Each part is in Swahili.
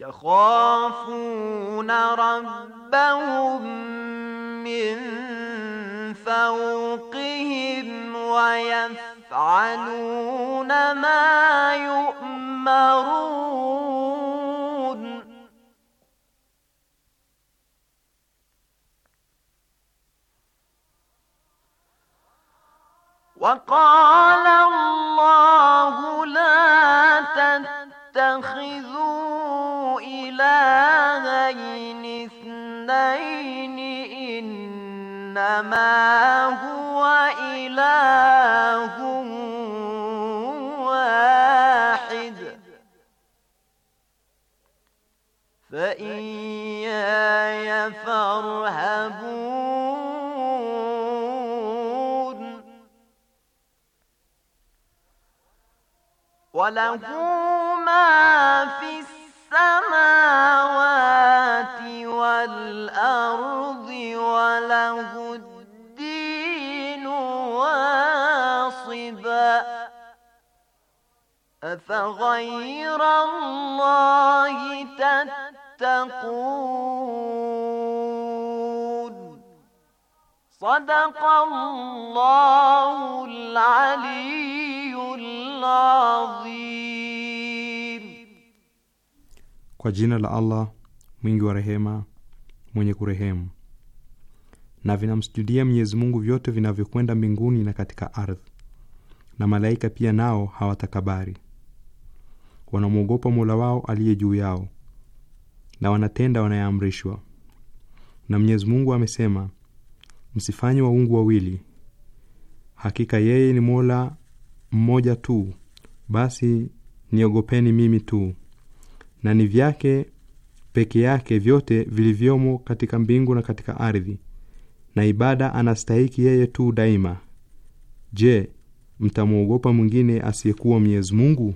يخافون ربهم من فوقهم ويفعلون ما يؤمرون وقال الله لا تتخذ هو إله واحد فإياي فارهبون وله ما في السماوات أفغير الله تتقون صدق الله العلي العظيم Kwa jina la Allah mwingi wa rehema mwenye kurehemu. Na vinamsujudia Mwenyezi Mungu vyote vinavyokwenda mbinguni na katika ardhi, na malaika pia nao hawatakabari wanamwogopa Mola wao aliye juu yao na wanatenda wanayeamrishwa Na Mwenyezi Mungu amesema, msifanye waungu wawili, hakika yeye ni Mola mmoja tu, basi niogopeni mimi tu, na ni vyake peke yake vyote vilivyomo katika mbingu na katika ardhi, na ibada anastahiki yeye tu daima. Je, mtamwogopa mwingine asiyekuwa Mwenyezi Mungu?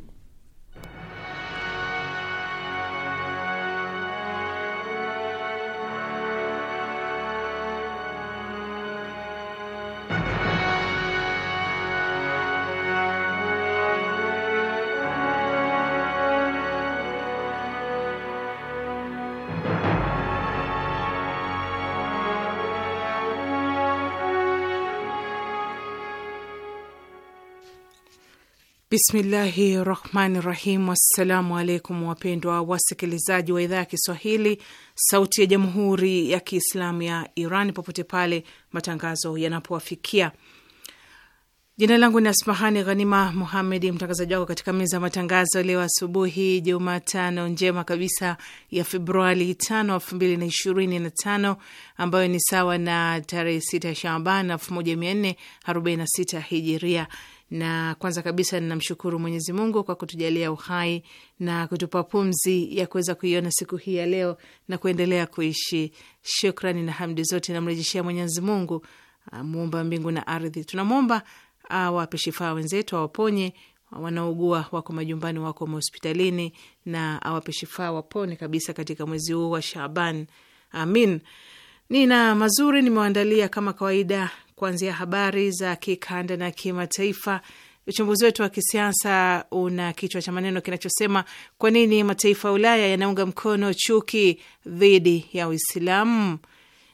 Bismillahi rahmani rahim. Assalamu alaikum wapendwa wasikilizaji wa idhaa ya Kiswahili sauti ya jamhuri ya Kiislamu ya Iran popote pale matangazo yanapowafikia. Jina langu ni Asmahani Ghanima Muhamedi, mtangazaji wako katika meza ya matangazo leo asubuhi, Jumatano njema kabisa ya Februari tano elfu mbili na ishirini na tano ambayo ni sawa na tarehe sita Shaban elfu moja mia nne sita hijiria na kwanza kabisa ninamshukuru Mwenyezi Mungu kwa kutujalia uhai na kutupa pumzi ya kuweza kuiona siku hii ya leo na kuendelea kuishi. Shukrani na hamdi zote namrejeshea Mwenyezi Mungu ah, muumba mbingu na ardhi. Tunamwomba awape shifaa wenzetu, awaponye wanaougua, wako majumbani, wako mahospitalini, na awape shifaa, wapone kabisa katika mwezi huu wa Shaaban. Amin. Nina mazuri nimewaandalia kama kawaida, kuanzia habari za kikanda na kimataifa. Uchambuzi wetu wa kisiasa una kichwa cha maneno kinachosema kwa nini mataifa ya Ulaya yanaunga mkono chuki dhidi ya Uislamu.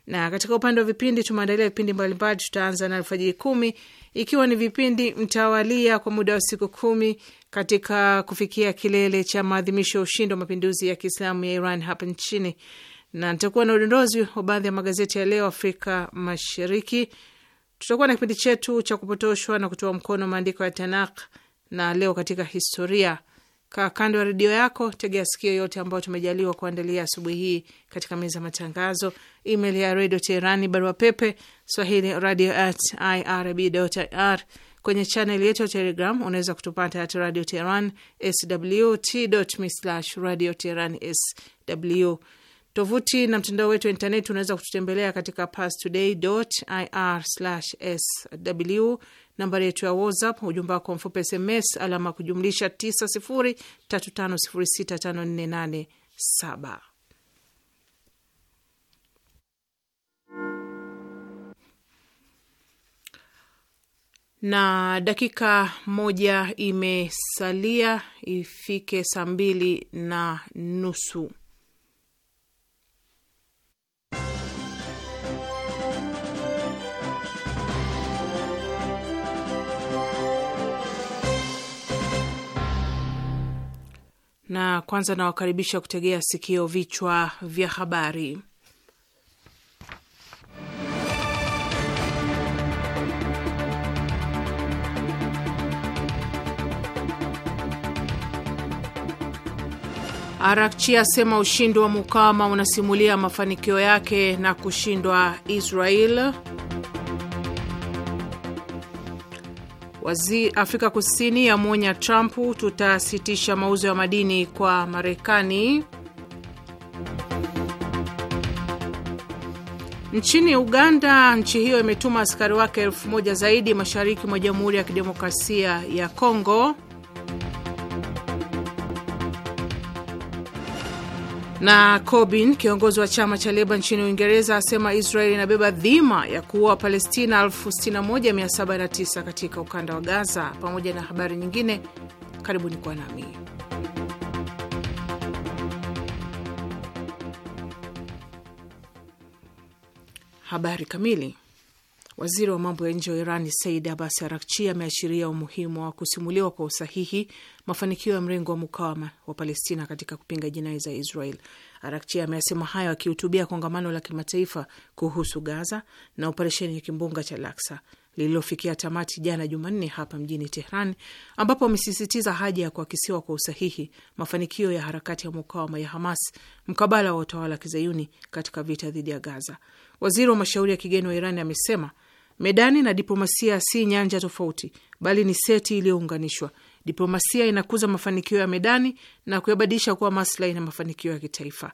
Na katika upande wa vipindi tumeandalia vipindi mbalimbali. Tutaanza na Alfajiri Kumi, ikiwa ni vipindi mtawalia kwa muda wa siku kumi katika kufikia kilele cha maadhimisho ya ushindi wa mapinduzi ya Kiislamu ya Iran hapa nchini, na nitakuwa na udondozi wa baadhi ya magazeti ya leo Afrika Mashariki Tutakuwa na kipindi chetu cha kupotoshwa na kutoa mkono maandiko ya Tanakh na leo katika historia. Kaa kando ya redio yako, tegea sikio yote ambayo tumejaliwa kuandalia asubuhi hii katika meza ya matangazo. Email ya redio Teherani, barua pepe swahili radio at irb ir. Kwenye chaneli yetu ya Telegram unaweza kutupata at radio Teheran sw radio Teheran sw Tovuti na mtandao wetu wa intaneti unaweza kututembelea katika pastoday.ir/sw. Nambari yetu ya WhatsApp, ujumbe wako mfupi SMS alama kujumlisha 90350654887. Na dakika moja imesalia ifike saa mbili na nusu na kwanza nawakaribisha kutegea sikio vichwa vya habari. Arakchi asema ushindi wa mukama unasimulia mafanikio yake na kushindwa Israel. Waziri Afrika Kusini yamwonya Trump, tutasitisha mauzo ya madini kwa Marekani. Nchini Uganda, nchi hiyo imetuma askari wake elfu moja zaidi mashariki mwa Jamhuri ya Kidemokrasia ya Kongo. Na Corbyn, kiongozi wa chama cha Leba nchini Uingereza, asema Israeli inabeba dhima ya kuua Palestina 61709 katika ukanda wa Gaza, pamoja na habari nyingine. Karibuni kwa nami habari kamili. Waziri wa mambo ya nje wa iran Said Abbas Arakchi ameashiria umuhimu wa kusimuliwa kwa usahihi mafanikio ya mrengo wa mukawama wa Palestina katika kupinga jinai za Israel. Arakchi ameyasema hayo akihutubia kongamano la kimataifa kuhusu Gaza na operesheni ya kimbunga cha Laksa lililofikia tamati jana Jumanne hapa mjini Tehran, ambapo amesisitiza haja ya kuakisiwa kwa usahihi mafanikio ya harakati ya mukawama ya Hamas mkabala wa utawala wa kizayuni katika vita dhidi ya Gaza. Waziri wa mashauri ya kigeni wa iran amesema Medani na diplomasia si nyanja tofauti, bali ni seti iliyounganishwa. Diplomasia inakuza mafanikio ya medani na kuyabadilisha kuwa maslahi na mafanikio ya kitaifa.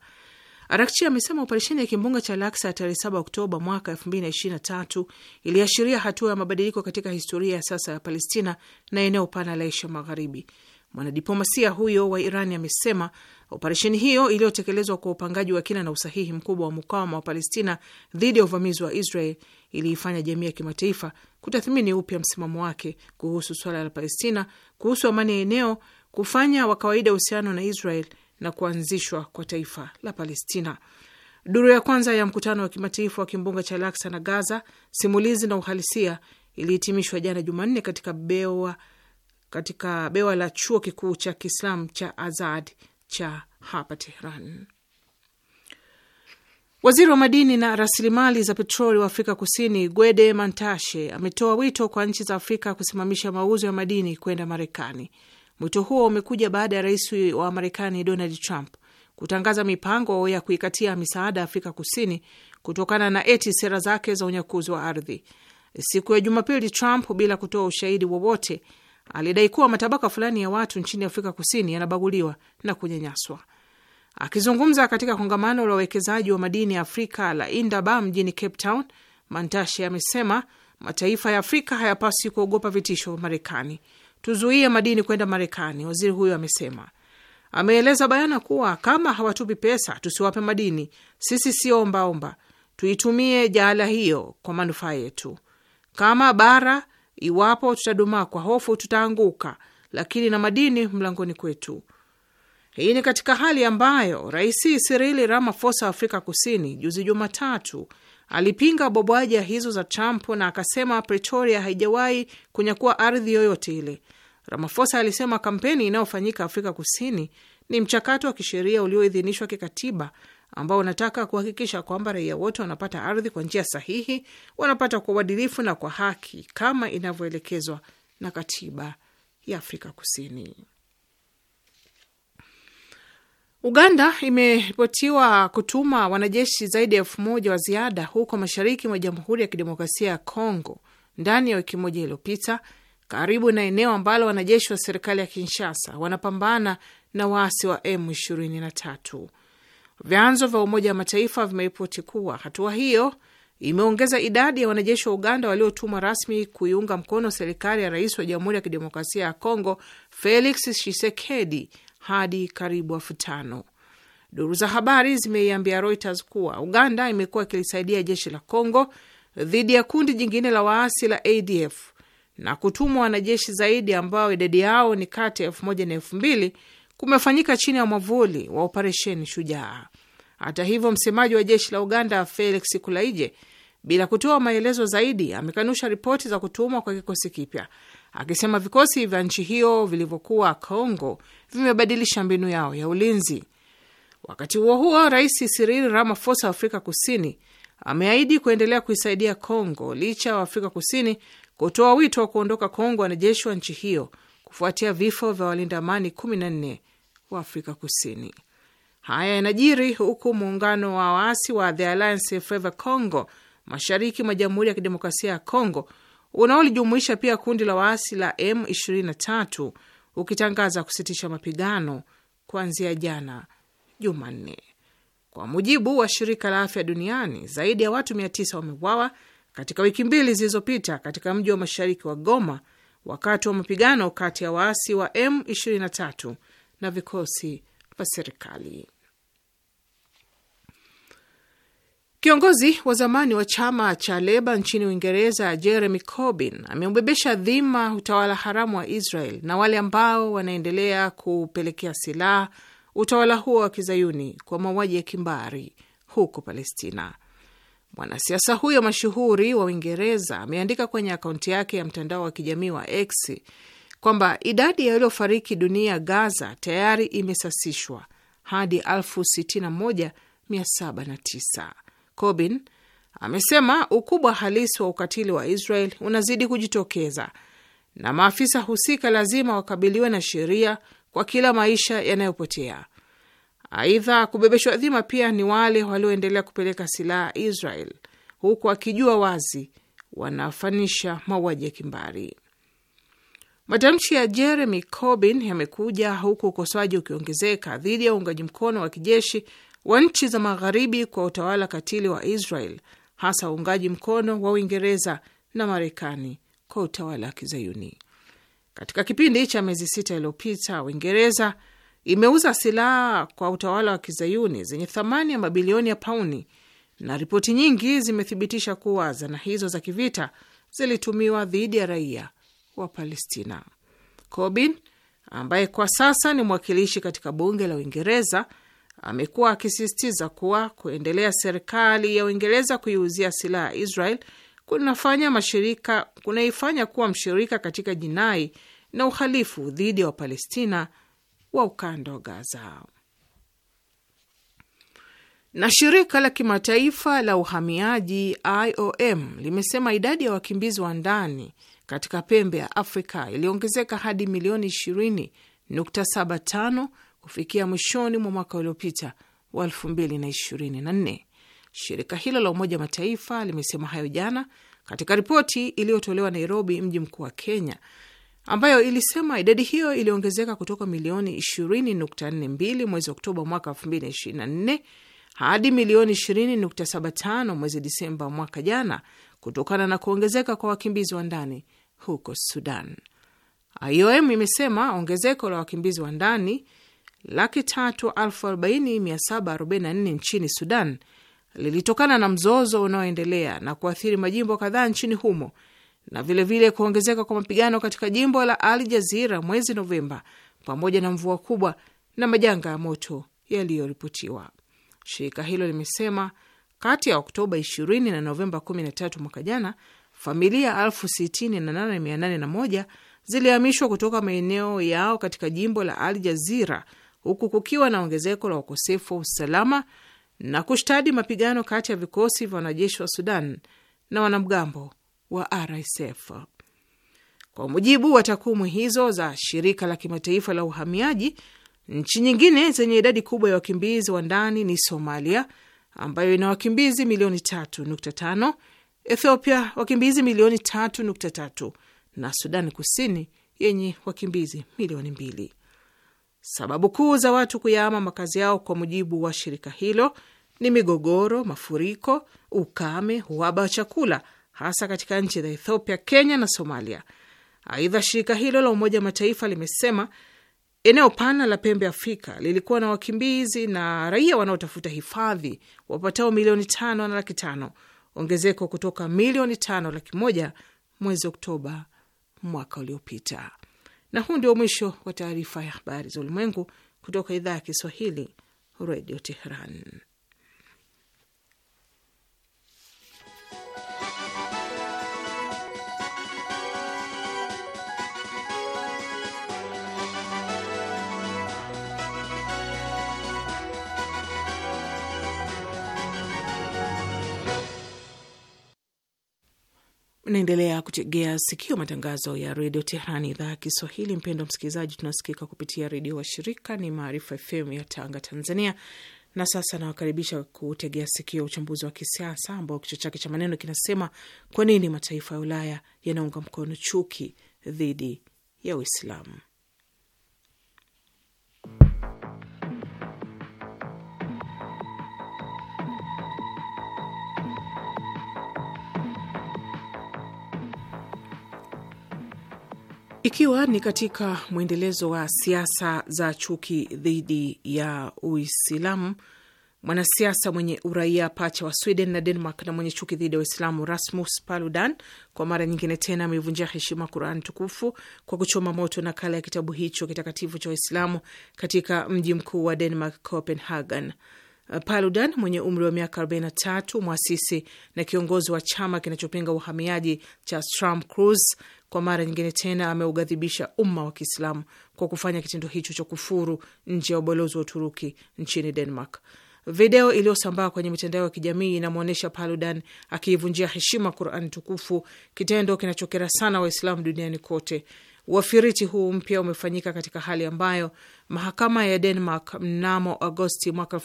Arakchi amesema operesheni ya kimbunga cha Laksa ya tarehe 7 Oktoba mwaka 2023 iliashiria hatua ya mabadiliko katika historia ya sasa ya Palestina na eneo pana la Asia Magharibi. Mwanadiplomasia huyo wa Iran amesema operesheni hiyo iliyotekelezwa kwa upangaji wa kina na usahihi mkubwa wa mukawama wa Palestina dhidi ya uvamizi wa Israel iliifanya jamii ya kimataifa kutathmini upya msimamo wake kuhusu swala la Palestina, kuhusu amani ya eneo, kufanya wa kawaida uhusiano na Israel na kuanzishwa kwa taifa la Palestina. Duru ya kwanza ya mkutano wa kimataifa wa kimbunga cha Laksa na Gaza, simulizi na uhalisia, ilihitimishwa jana Jumanne katika bewa, katika bewa la chuo kikuu cha Kiislamu cha Azad cha hapa Tehran. Waziri wa madini na rasilimali za petroli wa Afrika Kusini Gwede Mantashe ametoa wito kwa nchi za Afrika kusimamisha mauzo ya madini kwenda Marekani. Mwito huo umekuja baada ya rais wa Marekani Donald Trump kutangaza mipango ya kuikatia misaada Afrika Kusini kutokana na eti sera zake za unyakuzi wa ardhi. Siku ya Jumapili, Trump bila kutoa ushahidi wowote alidai kuwa matabaka fulani ya watu nchini Afrika Kusini yanabaguliwa na kunyanyaswa. Akizungumza katika kongamano la uwekezaji wa madini Afrika la Indaba mjini Cape Town, Mantashe amesema mataifa ya Afrika hayapaswi kuogopa vitisho vya Marekani. Tuzuie madini kwenda Marekani, waziri huyo amesema. Ameeleza bayana kuwa kama hawatupi pesa, tusiwape madini. Sisi sio ombaomba, tuitumie jaala hiyo kwa manufaa yetu kama bara. Iwapo tutadumaa kwa hofu, tutaanguka, lakini na madini mlangoni kwetu. Hii ni katika hali ambayo Rais Cyril Ramaphosa wa Afrika Kusini juzi Jumatatu alipinga bwabwaja hizo za Trump na akasema Pretoria haijawahi kunyakua ardhi yoyote ile. Ramaphosa alisema kampeni inayofanyika Afrika Kusini ni mchakato wa kisheria ulioidhinishwa kikatiba ambao unataka kuhakikisha kwamba raia wote wanapata ardhi kwa njia sahihi, wanapata kwa uadilifu na kwa haki kama inavyoelekezwa na katiba ya Afrika Kusini. Uganda imeripotiwa kutuma wanajeshi zaidi ya elfu moja wa ziada huko mashariki mwa Jamhuri ya Kidemokrasia ya Kongo ndani ya wiki moja iliyopita, karibu na eneo ambalo wanajeshi wa serikali ya Kinshasa wanapambana na waasi wa M23. Vyanzo vya Umoja wa Mataifa vimeripoti kuwa hatua hiyo imeongeza idadi ya wanajeshi wa Uganda waliotumwa rasmi kuiunga mkono serikali ya rais wa Jamhuri ya Kidemokrasia ya Kongo Felix Tshisekedi hadi karibu elfu tano. Duru za habari zimeiambia Reuters kuwa Uganda imekuwa ikilisaidia jeshi la Congo dhidi ya kundi jingine la waasi la ADF na kutumwa wanajeshi zaidi ambao idadi yao ni kati ya elfu moja na elfu mbili kumefanyika chini ya mwavuli wa operesheni Shujaa. Hata hivyo, msemaji wa jeshi la Uganda Felix Kulaije, bila kutoa maelezo zaidi, amekanusha ripoti za kutumwa kwa kikosi kipya akisema vikosi vya nchi hiyo vilivyokuwa Kongo vimebadilisha mbinu yao ya ulinzi. Wakati huo huo, Rais Cyril Ramaphosa wa Afrika Kusini ameahidi kuendelea kuisaidia Kongo licha wa Afrika Kusini kutoa wito wa kuondoka Kongo wanajeshi wa nchi hiyo kufuatia vifo vya walinda amani 14 wa Afrika Kusini. Haya yanajiri huku muungano wa waasi wa The Alliance Fleuve Congo mashariki mwa Jamhuri ya Kidemokrasia ya congo unaolijumuisha pia kundi la waasi la M23 ukitangaza kusitisha mapigano kuanzia jana Jumanne. Kwa mujibu wa shirika la afya duniani, zaidi ya watu 900 wameuawa katika wiki mbili zilizopita katika mji wa mashariki wa Goma wakati wa mapigano kati ya waasi wa M23 na vikosi vya serikali. Kiongozi wa zamani wa chama cha Leba nchini Uingereza, Jeremy Corbyn, ameubebesha dhima utawala haramu wa Israel na wale ambao wanaendelea kupelekea silaha utawala huo wa kizayuni kwa mauaji ya kimbari huko Palestina. Mwanasiasa huyo mashuhuri wa Uingereza ameandika kwenye akaunti yake ya mtandao wa kijamii wa X kwamba idadi ya waliofariki dunia Gaza tayari imesasishwa hadi elfu sitini na moja mia saba na tisa. Corbyn amesema ukubwa halisi wa ukatili wa Israel unazidi kujitokeza na maafisa husika lazima wakabiliwe na sheria kwa kila maisha yanayopotea. Aidha, kubebeshwa dhima pia ni wale walioendelea kupeleka silaha Israel huku wakijua wazi wanafanisha mauaji ya kimbari. Matamshi ya Jeremy Corbyn yamekuja huku ukosoaji ukiongezeka dhidi ya uungaji mkono wa kijeshi wa nchi za magharibi kwa utawala katili wa Israel, hasa uungaji mkono wa Uingereza na Marekani kwa utawala wa Kizayuni. Katika kipindi cha miezi sita iliyopita, Uingereza imeuza silaha kwa utawala wa Kizayuni zenye thamani ya mabilioni ya pauni, na ripoti nyingi zimethibitisha kuwa zana hizo za kivita zilitumiwa dhidi ya raia wa Palestina. Corbyn ambaye kwa sasa ni mwakilishi katika bunge la Uingereza amekuwa akisisitiza kuwa kuendelea serikali ya Uingereza kuiuzia silaha Israel kunafanya mashirika kunaifanya kuwa mshirika katika jinai na uhalifu dhidi ya Wapalestina wa ukanda wa Gaza. Na shirika la kimataifa la uhamiaji IOM limesema idadi ya wakimbizi wa ndani katika pembe ya Afrika iliongezeka hadi milioni 20.75 kufikia mwishoni mwa mwaka uliopita wa elfu mbili na ishirini na nne. Shirika hilo la Umoja Mataifa limesema hayo jana katika ripoti iliyotolewa Nairobi, mji mkuu wa Kenya, ambayo ilisema idadi hiyo iliongezeka kutoka milioni 20.42 mwezi Oktoba mwaka 2024 hadi milioni 20.75 mwezi Disemba mwaka jana kutokana na kuongezeka kwa wakimbizi wa ndani huko Sudan. IOM imesema ongezeko la wakimbizi wa ndani laki tatu elfu arobaini mia saba arobaini na nne nchini Sudan lilitokana na mzozo unaoendelea na kuathiri majimbo kadhaa nchini humo na vilevile kuongezeka kwa mapigano katika jimbo la Al Jazira mwezi Novemba, pamoja na mvua kubwa na majanga ya moto yaliyoripotiwa. Shirika hilo limesema kati ya Oktoba 20 na Novemba 13 mwaka jana, familia 68801 zilihamishwa kutoka maeneo yao katika jimbo la Al Jazira huku kukiwa na ongezeko la ukosefu wa usalama na kushtadi mapigano kati ya vikosi vya wanajeshi wa Sudan na wanamgambo wa RSF. Kwa mujibu wa takwimu hizo za shirika la kimataifa la uhamiaji, nchi nyingine zenye idadi kubwa ya wakimbizi wa ndani ni Somalia ambayo ina wakimbizi milioni 3.5, Ethiopia wakimbizi milioni 3.3 na Sudani Kusini yenye wakimbizi milioni mbili. Sababu kuu za watu kuyahama makazi yao kwa mujibu wa shirika hilo ni migogoro, mafuriko, ukame, uhaba wa chakula, hasa katika nchi za Ethiopia, Kenya na Somalia. Aidha, shirika hilo la Umoja wa Mataifa limesema eneo pana la pembe Afrika lilikuwa na wakimbizi na raia wanaotafuta hifadhi wapatao milioni tano na laki tano, ongezeko kutoka milioni tano laki moja mwezi Oktoba mwaka uliopita. Na huu ndio mwisho wa taarifa ya habari za ulimwengu kutoka idhaa ya Kiswahili, Redio Teheran. Naendelea kutegea sikio matangazo ya redio Tehrani, idhaa ya Kiswahili. Mpendo msikilizaji, tunasikika kupitia redio wa shirika ni Maarifa FM ya Tanga, Tanzania. Na sasa nawakaribisha kutegea sikio uchambuzi wa kisiasa ambao kichwa chake cha maneno kinasema kwa nini mataifa ya Ulaya yanaunga mkono chuki dhidi ya Uislamu. Ikiwa ni katika mwendelezo wa siasa za chuki dhidi ya Uislamu, mwanasiasa mwenye uraia pacha wa Sweden na Denmark na mwenye chuki dhidi ya Uislamu Rasmus Paludan kwa mara nyingine tena ameivunjia heshima Quran tukufu kwa kuchoma moto nakala ya kitabu hicho kitakatifu cha Waislamu katika mji mkuu wa Denmark, Copenhagen. Paludan mwenye umri wa miaka 43, mwasisi na kiongozi wa chama kinachopinga uhamiaji cha Stram Kurs kwa mara nyingine tena ameugadhibisha umma wa Kiislamu kwa kufanya kitendo hicho cha kufuru nje ya ubalozi wa Uturuki nchini Denmark. Video iliyosambaa kwenye mitandao ya kijamii inamwonyesha Paludan akiivunjia heshima Qurani tukufu, kitendo kinachokera sana Waislamu duniani kote. Wafiriti huu mpya umefanyika katika hali ambayo mahakama ya Denmark mnamo Agosti mwaka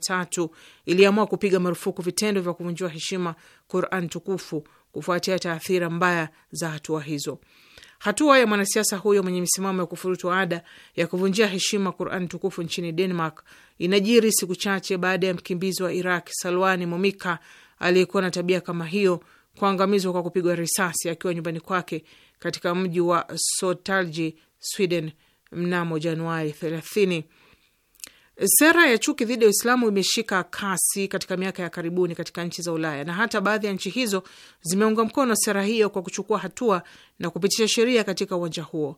tatu iliamua kupiga marufuku vitendo vya kuvunjiwa heshima Quran tukufu kufuatia taathira mbaya za hatua hizo. Hatua ya mwanasiasa huyo mwenye misimamo ya kufurutu ada ya kuvunjia heshima Qurani tukufu nchini Denmark inajiri siku chache baada ya mkimbizi wa Iraq Salwani Momika aliyekuwa na tabia kama hiyo kuangamizwa kwa kupigwa risasi akiwa nyumbani kwake katika mji wa Sotalji, Sweden mnamo Januari 30. Sera ya chuki dhidi ya Uislamu imeshika kasi katika miaka ya karibuni katika nchi za Ulaya na hata baadhi ya nchi hizo zimeunga mkono sera hiyo kwa kuchukua hatua na kupitisha sheria katika uwanja huo: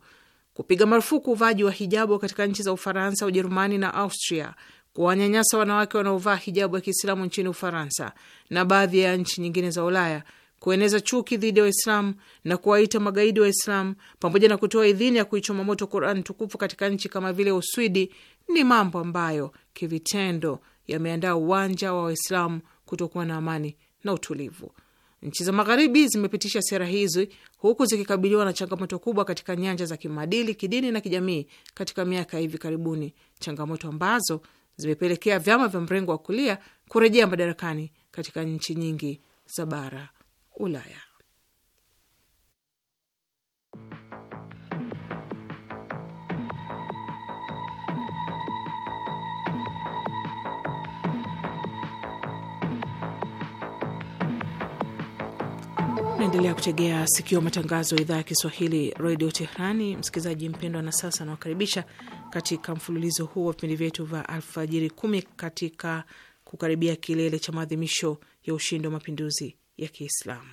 kupiga marufuku uvaaji wa hijabu katika nchi za Ufaransa, Ujerumani na Austria, kuwanyanyasa wanawake wanaovaa hijabu ya Kiislamu nchini Ufaransa na baadhi ya nchi nyingine za Ulaya, kueneza chuki dhidi ya Waislamu na kuwaita magaidi Waislamu, pamoja na kutoa idhini ya kuichoma moto Quran tukufu katika nchi kama vile Uswidi, ni mambo ambayo kivitendo yameandaa uwanja wa Waislamu kutokuwa na amani na utulivu. Nchi za Magharibi zimepitisha sera hizi huku zikikabiliwa na changamoto kubwa katika nyanja za kimaadili, kidini na kijamii katika miaka hivi karibuni, changamoto ambazo zimepelekea vyama vya mrengo wa kulia kurejea madarakani katika nchi nyingi za bara Ulaya. Naendelea kutegea sikio matangazo ya idhaa ya Kiswahili redio Tehrani. Msikilizaji mpendwa, na sasa nawakaribisha katika mfululizo huu wa vipindi vyetu vya alfajiri kumi katika kukaribia kilele cha maadhimisho ya ushindi wa mapinduzi ya Kiislamu.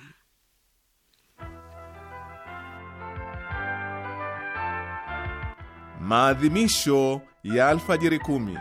Maadhimisho ya alfajiri kumi.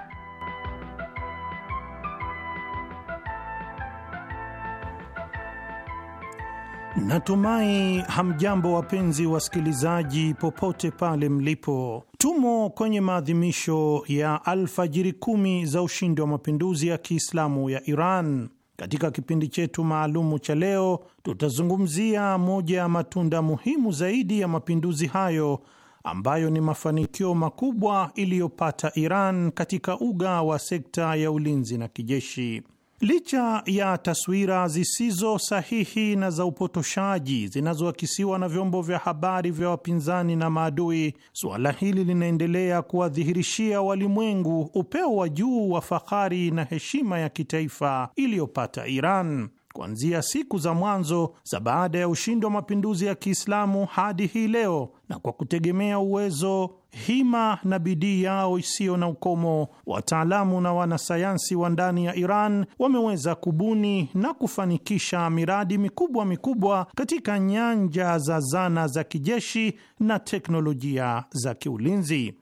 Natumai hamjambo wapenzi wasikilizaji, popote pale mlipo. Tumo kwenye maadhimisho ya alfajiri kumi za ushindi wa mapinduzi ya Kiislamu ya Iran. Katika kipindi chetu maalumu cha leo, tutazungumzia moja ya matunda muhimu zaidi ya mapinduzi hayo ambayo ni mafanikio makubwa iliyopata Iran katika uga wa sekta ya ulinzi na kijeshi. Licha ya taswira zisizo sahihi na za upotoshaji zinazoakisiwa na vyombo vya habari vya wapinzani na maadui, suala hili linaendelea kuwadhihirishia walimwengu upeo wa juu wa fahari na heshima ya kitaifa iliyopata Iran kuanzia siku za mwanzo za baada ya ushindi wa mapinduzi ya Kiislamu hadi hii leo na kwa kutegemea uwezo hima na bidii yao isiyo na ukomo, wataalamu na wanasayansi wa ndani ya Iran wameweza kubuni na kufanikisha miradi mikubwa mikubwa katika nyanja za zana za kijeshi na teknolojia za kiulinzi.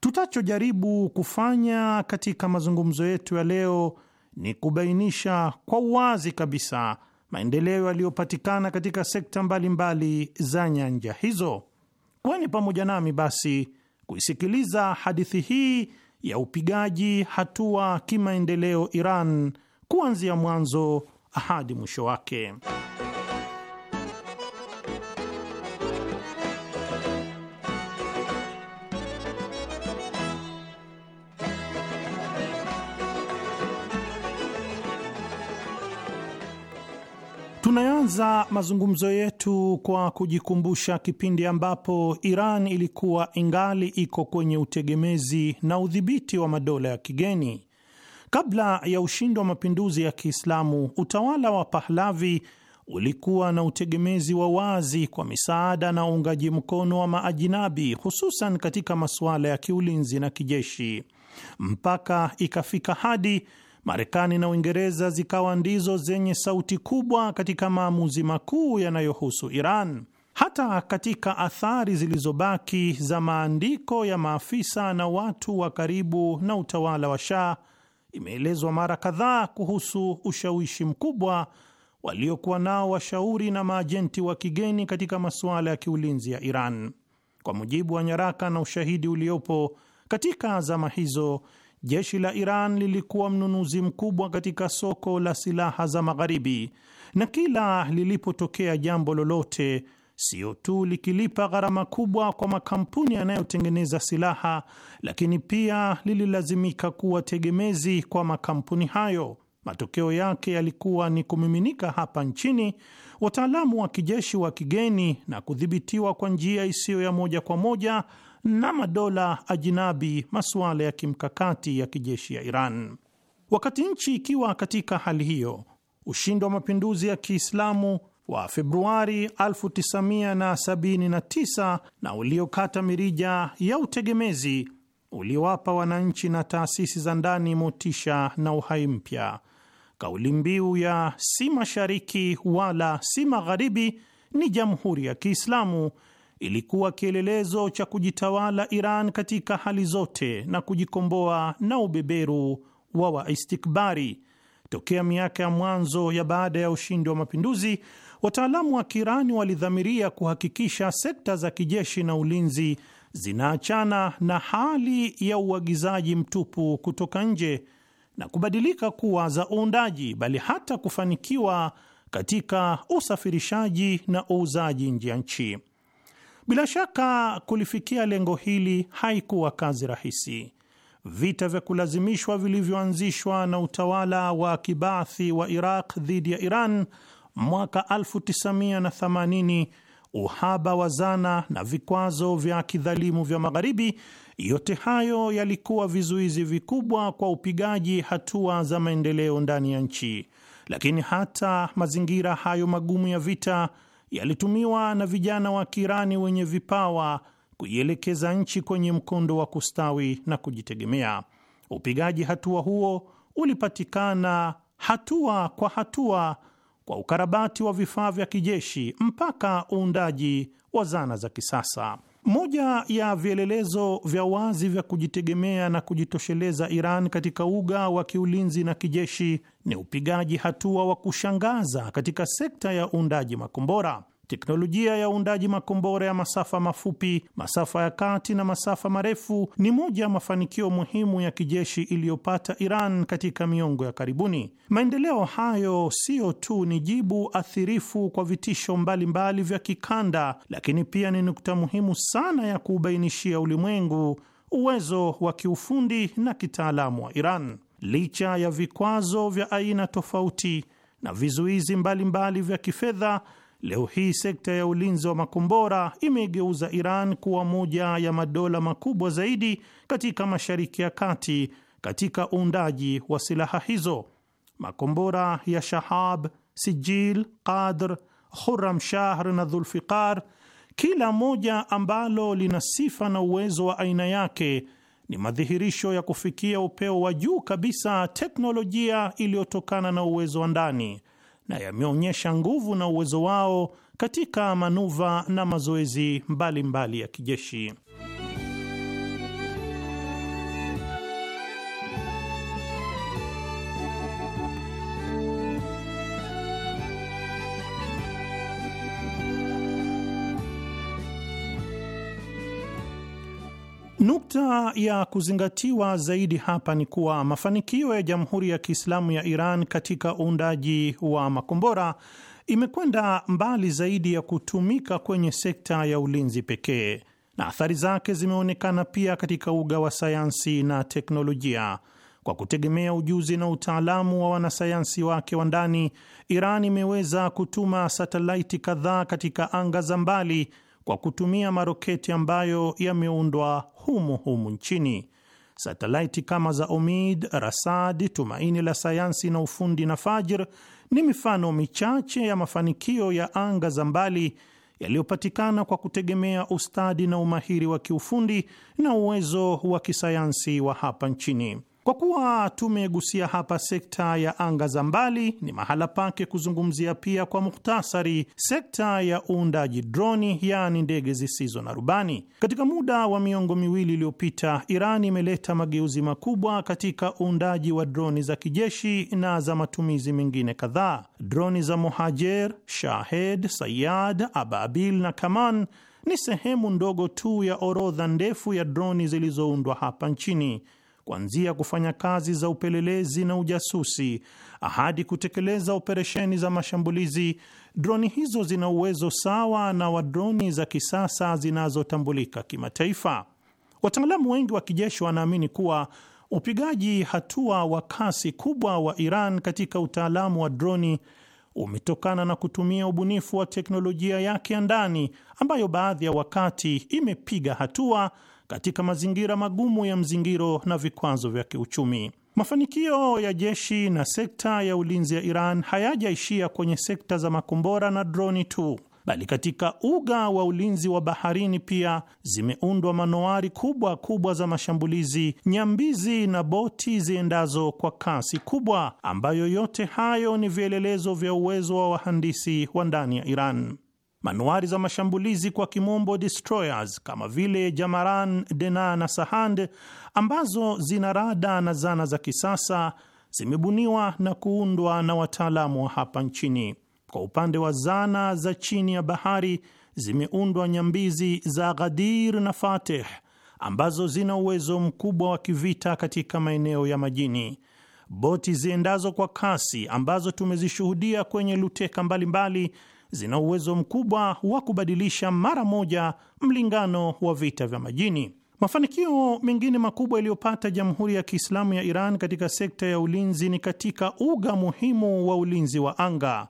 Tutachojaribu kufanya katika mazungumzo yetu ya leo ni kubainisha kwa uwazi kabisa maendeleo yaliyopatikana katika sekta mbalimbali mbali za nyanja hizo. Kweni pamoja nami basi kuisikiliza hadithi hii ya upigaji hatua kimaendeleo Iran kuanzia mwanzo hadi mwisho wake. Tunaanza mazungumzo yetu kwa kujikumbusha kipindi ambapo Iran ilikuwa ingali iko kwenye utegemezi na udhibiti wa madola ya kigeni. Kabla ya ushindi wa mapinduzi ya Kiislamu, utawala wa Pahlavi ulikuwa na utegemezi wa wazi kwa misaada na uungaji mkono wa maajinabi, hususan katika masuala ya kiulinzi na kijeshi, mpaka ikafika hadi Marekani na Uingereza zikawa ndizo zenye sauti kubwa katika maamuzi makuu yanayohusu Iran. Hata katika athari zilizobaki za maandiko ya maafisa na watu wa karibu na utawala wa Shah, imeelezwa mara kadhaa kuhusu ushawishi mkubwa waliokuwa nao washauri na maajenti wa kigeni katika masuala ya kiulinzi ya Iran. Kwa mujibu wa nyaraka na ushahidi uliopo katika zama hizo, jeshi la Iran lilikuwa mnunuzi mkubwa katika soko la silaha za Magharibi, na kila lilipotokea jambo lolote, sio tu likilipa gharama kubwa kwa makampuni yanayotengeneza silaha, lakini pia lililazimika kuwa tegemezi kwa makampuni hayo. Matokeo yake yalikuwa ni kumiminika hapa nchini wataalamu wa kijeshi wa kigeni na kudhibitiwa kwa njia isiyo ya moja kwa moja na madola ajinabi masuala ya kimkakati ya kijeshi ya Iran. Wakati nchi ikiwa katika hali hiyo, ushindi wa mapinduzi ya Kiislamu wa Februari 1979 na uliokata mirija ya utegemezi uliowapa wananchi na taasisi za ndani motisha na uhai mpya. Kauli mbiu ya si mashariki wala si magharibi ni Jamhuri ya Kiislamu ilikuwa kielelezo cha kujitawala Iran katika hali zote na kujikomboa na ubeberu wa waistikbari. Tokea miaka ya mwanzo ya baada ya ushindi wa mapinduzi, wataalamu wa Kiirani walidhamiria kuhakikisha sekta za kijeshi na ulinzi zinaachana na hali ya uagizaji mtupu kutoka nje na kubadilika kuwa za uundaji, bali hata kufanikiwa katika usafirishaji na uuzaji nje ya nchi. Bila shaka kulifikia lengo hili haikuwa kazi rahisi. Vita vya kulazimishwa vilivyoanzishwa na utawala wa Kibathi wa Iraq dhidi ya Iran mwaka 1980, uhaba wa zana na vikwazo vya kidhalimu vya Magharibi, yote hayo yalikuwa vizuizi vikubwa kwa upigaji hatua za maendeleo ndani ya nchi. Lakini hata mazingira hayo magumu ya vita yalitumiwa na vijana wa Kirani wenye vipawa kuielekeza nchi kwenye mkondo wa kustawi na kujitegemea. Upigaji hatua huo ulipatikana hatua kwa hatua kwa ukarabati wa vifaa vya kijeshi mpaka uundaji wa zana za kisasa. Moja ya vielelezo vya wazi vya kujitegemea na kujitosheleza Iran katika uga wa kiulinzi na kijeshi ni upigaji hatua wa kushangaza katika sekta ya uundaji makombora. Teknolojia ya uundaji makombora ya masafa mafupi, masafa ya kati na masafa marefu ni moja ya mafanikio muhimu ya kijeshi iliyopata Iran katika miongo ya karibuni. Maendeleo hayo siyo tu ni jibu athirifu kwa vitisho mbalimbali mbali vya kikanda, lakini pia ni nukta muhimu sana ya kuubainishia ulimwengu uwezo wa kiufundi na kitaalamu wa Iran. Licha ya vikwazo vya aina tofauti na vizuizi mbalimbali mbali vya kifedha Leo hii sekta ya ulinzi wa makombora imeigeuza Iran kuwa moja ya madola makubwa zaidi katika Mashariki ya Kati katika uundaji wa silaha hizo. Makombora ya Shahab, Sijil, Qadr, shahr na Dhulfiqar, kila moja ambalo lina sifa na uwezo wa aina yake, ni madhihirisho ya kufikia upeo wa juu kabisa teknolojia iliyotokana na uwezo wa ndani na yameonyesha nguvu na uwezo wao katika manuva na mazoezi mbalimbali mbali ya kijeshi. Nukta ya kuzingatiwa zaidi hapa ni kuwa mafanikio ya Jamhuri ya Kiislamu ya Iran katika uundaji wa makombora imekwenda mbali zaidi ya kutumika kwenye sekta ya ulinzi pekee, na athari zake zimeonekana pia katika uga wa sayansi na teknolojia. Kwa kutegemea ujuzi na utaalamu wa wanasayansi wake wa ndani, Iran imeweza kutuma satelaiti kadhaa katika anga za mbali kwa kutumia maroketi ambayo yameundwa humu humu nchini. Satelaiti kama za Omid, Rasad, Tumaini la Sayansi na Ufundi na Fajr ni mifano michache ya mafanikio ya anga za mbali yaliyopatikana kwa kutegemea ustadi na umahiri wa kiufundi na uwezo wa kisayansi wa hapa nchini. Kwa kuwa tumegusia hapa sekta ya anga za mbali, ni mahala pake kuzungumzia pia kwa muhtasari sekta ya uundaji droni, yaani ndege zisizo na rubani. Katika muda wa miongo miwili iliyopita, Iran imeleta mageuzi makubwa katika uundaji wa droni za kijeshi na za matumizi mengine kadhaa. Droni za Mohajer, Shahed, Sayad, Ababil na Kaman ni sehemu ndogo tu ya orodha ndefu ya droni zilizoundwa hapa nchini kuanzia kufanya kazi za upelelezi na ujasusi hadi kutekeleza operesheni za mashambulizi. Droni hizo zina uwezo sawa na wa droni za kisasa zinazotambulika kimataifa. Wataalamu wengi wa kijeshi wanaamini kuwa upigaji hatua wa kasi kubwa wa Iran katika utaalamu wa droni umetokana na kutumia ubunifu wa teknolojia yake ya ndani ambayo baadhi ya wakati imepiga hatua katika mazingira magumu ya mzingiro na vikwazo vya kiuchumi. Mafanikio ya jeshi na sekta ya ulinzi ya Iran hayajaishia kwenye sekta za makombora na droni tu, bali katika uga wa ulinzi wa baharini pia zimeundwa manowari kubwa kubwa za mashambulizi, nyambizi na boti ziendazo kwa kasi kubwa, ambayo yote hayo ni vielelezo vya uwezo wa wahandisi wa ndani ya Iran manuari za mashambulizi kwa kimombo destroyers kama vile Jamaran, Dena na Sahand ambazo zina rada na zana za kisasa zimebuniwa na kuundwa na wataalamu wa hapa nchini. Kwa upande wa zana za chini ya bahari zimeundwa nyambizi za Ghadir na Fateh ambazo zina uwezo mkubwa wa kivita katika maeneo ya majini. Boti ziendazo kwa kasi ambazo tumezishuhudia kwenye luteka mbalimbali mbali zina uwezo mkubwa wa kubadilisha mara moja mlingano wa vita vya majini. Mafanikio mengine makubwa yaliyopata Jamhuri ya Kiislamu ya Iran katika sekta ya ulinzi ni katika uga muhimu wa ulinzi wa anga.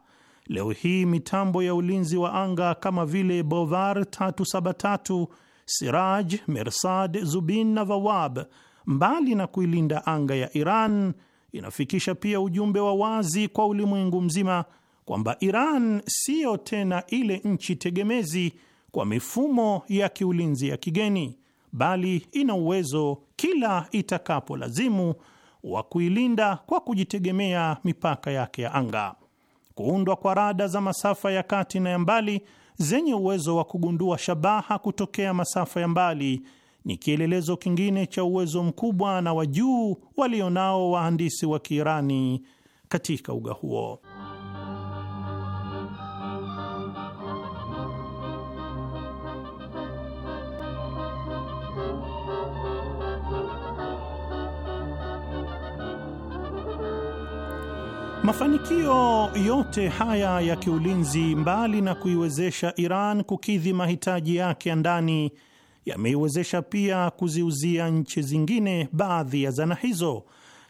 Leo hii mitambo ya ulinzi wa anga kama vile Bovar 373, Siraj, Mersad, Zubin na Vawab, mbali na kuilinda anga ya Iran, inafikisha pia ujumbe wa wazi kwa ulimwengu mzima kwamba Iran siyo tena ile nchi tegemezi kwa mifumo ya kiulinzi ya kigeni, bali ina uwezo kila itakapolazimu wa kuilinda kwa kujitegemea mipaka yake ya anga. Kuundwa kwa rada za masafa ya kati na ya mbali zenye uwezo wa kugundua shabaha kutokea masafa ya mbali ni kielelezo kingine cha uwezo mkubwa na wa juu walionao wahandisi wa Kiirani katika uga huo. Mafanikio yote haya ya kiulinzi, mbali na kuiwezesha Iran kukidhi mahitaji yake ya ndani, yameiwezesha pia kuziuzia nchi zingine baadhi ya zana hizo.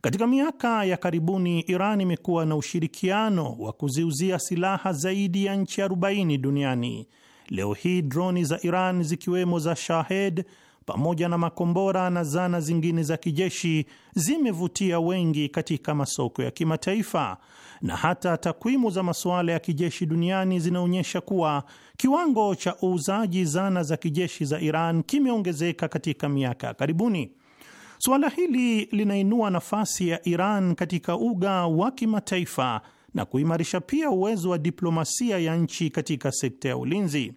Katika miaka ya karibuni, Iran imekuwa na ushirikiano wa kuziuzia silaha zaidi ya nchi 40 duniani. Leo hii droni za Iran zikiwemo za Shahed pamoja na makombora na zana zingine za kijeshi zimevutia wengi katika masoko ya kimataifa, na hata takwimu za masuala ya kijeshi duniani zinaonyesha kuwa kiwango cha uuzaji zana za kijeshi za Iran kimeongezeka katika miaka ya karibuni. Suala hili linainua nafasi ya Iran katika uga wa kimataifa na kuimarisha pia uwezo wa diplomasia ya nchi katika sekta ya ulinzi.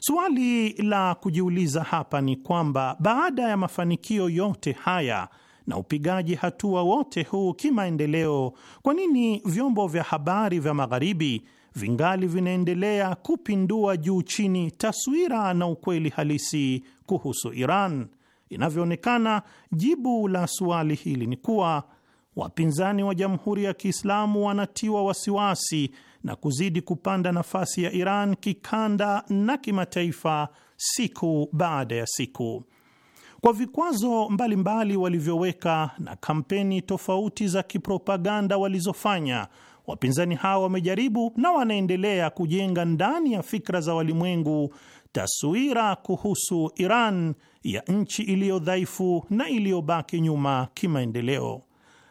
Suali la kujiuliza hapa ni kwamba baada ya mafanikio yote haya na upigaji hatua wote huu kimaendeleo, kwa nini vyombo vya habari vya Magharibi vingali vinaendelea kupindua juu chini taswira na ukweli halisi kuhusu Iran? Inavyoonekana, jibu la suali hili ni kuwa wapinzani wa Jamhuri ya Kiislamu wanatiwa wasiwasi na kuzidi kupanda nafasi ya Iran kikanda na kimataifa siku baada ya siku. Kwa vikwazo mbalimbali walivyoweka na kampeni tofauti za kipropaganda walizofanya, wapinzani hao wamejaribu na wanaendelea kujenga ndani ya fikra za walimwengu taswira kuhusu Iran ya nchi iliyo dhaifu na iliyobaki nyuma kimaendeleo.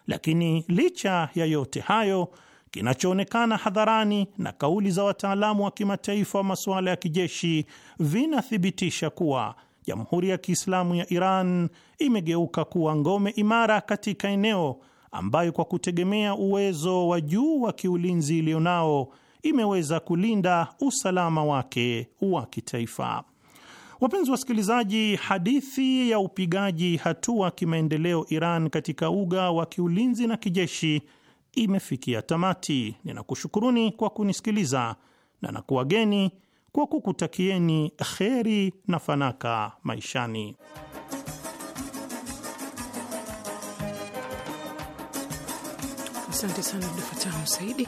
Lakini licha ya yote hayo, kinachoonekana hadharani na kauli za wataalamu wa kimataifa wa masuala ya kijeshi vinathibitisha kuwa Jamhuri ya Kiislamu ya Iran imegeuka kuwa ngome imara katika eneo ambayo kwa kutegemea uwezo wa juu wa kiulinzi iliyo nao imeweza kulinda usalama wake wa kitaifa. Wapenzi wasikilizaji, hadithi ya upigaji hatua kimaendeleo Iran katika uga wa kiulinzi na kijeshi imefikia tamati. Ninakushukuruni kwa kunisikiliza na nakuwageni kwa kukutakieni kheri na fanaka maishani. Asante sana Abdu Saidi.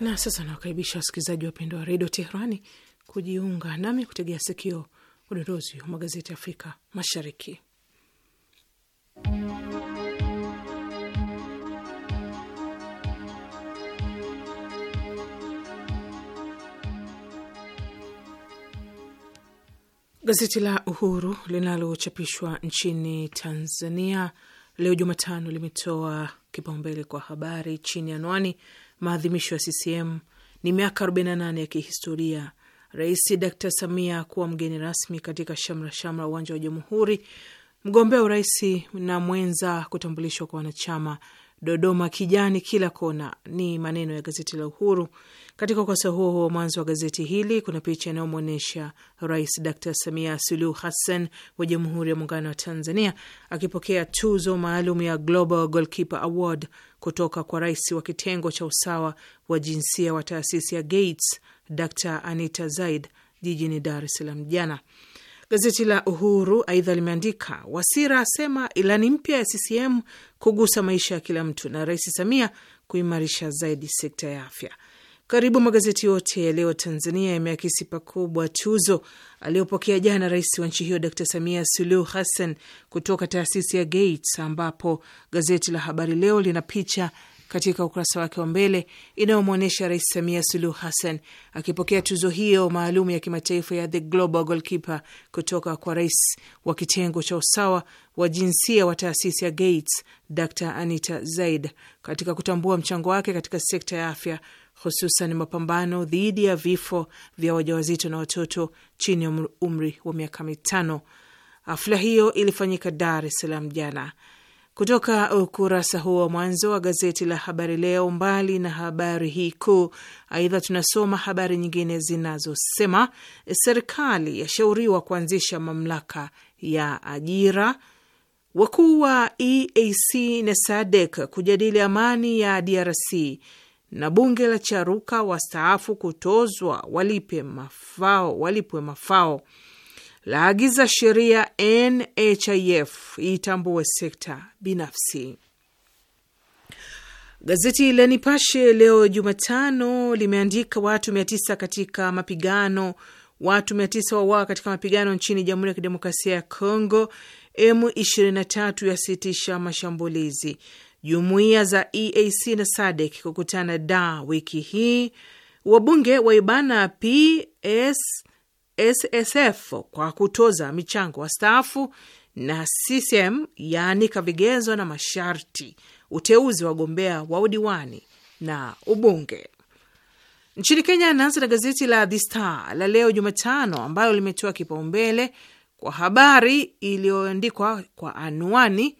Na sasa nawakaribisha wasikilizaji wapendwa wa redio Teherani kujiunga nami kutegea sikio udondozi wa magazeti ya Afrika Mashariki. Gazeti la Uhuru linalochapishwa nchini Tanzania leo Jumatano limetoa kipaumbele kwa habari chini ya anwani maadhimisho ya CCM ni miaka 48 ya kihistoria Rais d Samia kuwa mgeni rasmi katika shamra shamra uwanja wa Jamhuri, mgombea urais na mwenza kutambulishwa kwa wanachama. Dodoma kijani kila kona, ni maneno ya gazeti la Uhuru. Katika ukurasa huo huo mwanzo wa gazeti hili kuna picha inayomwonyesha Rais Dr Samia Suluhu Hassan wa Jamhuri ya Muungano wa Tanzania akipokea tuzo maalum ya Global Goalkeeper Award kutoka kwa rais wa kitengo cha usawa wa jinsia wa taasisi ya Gates Dr Anita Zaid jijini Dar es Salaam jana. Gazeti la Uhuru aidha limeandika Wasira asema ilani mpya ya CCM kugusa maisha ya kila mtu na Rais Samia kuimarisha zaidi sekta ya afya. Karibu magazeti yote ya leo Tanzania yameakisi pakubwa tuzo aliyopokea jana rais wa nchi hiyo Dr Samia Suluhu Hassan kutoka taasisi ya Gates, ambapo gazeti la Habari Leo lina picha katika ukurasa wake wa mbele inayomwonyesha Rais Samia Suluhu Hassan akipokea tuzo hiyo maalum ya kimataifa ya The Global Goalkeeper kutoka kwa rais wa kitengo cha usawa wa jinsia wa taasisi ya Gates Dr Anita Zaid katika kutambua mchango wake katika sekta ya afya hususan mapambano dhidi ya vifo vya wajawazito na watoto chini ya umri wa miaka mitano. Hafla hiyo ilifanyika Dar es Salaam jana. Kutoka ukurasa huo wa mwanzo wa gazeti la Habari Leo, mbali na habari hii kuu, aidha tunasoma habari nyingine zinazosema serikali yashauriwa kuanzisha mamlaka ya ajira, wakuu wa EAC na SADC kujadili amani ya DRC, na bunge la charuka wastaafu kutozwa walipwe mafao, walipwe mafao laagiza sheria NHIF itambue sekta binafsi. Gazeti la Nipashe leo Jumatano limeandika watu mia tisa katika mapigano, watu mia tisa wauawa katika mapigano nchini Jamhuri ya Kidemokrasia ya Kongo. M23 yasitisha mashambulizi. Jumuiya za EAC na SADC e kukutana da wiki hii. Wabunge waibana PS SSF kwa kutoza michango wastaafu na CCM yaanika vigezo na masharti uteuzi wa wagombea wa udiwani na ubunge. Nchini Kenya, anaanza na gazeti la The Star la leo Jumatano, ambayo limetoa kipaumbele kwa habari iliyoandikwa kwa anwani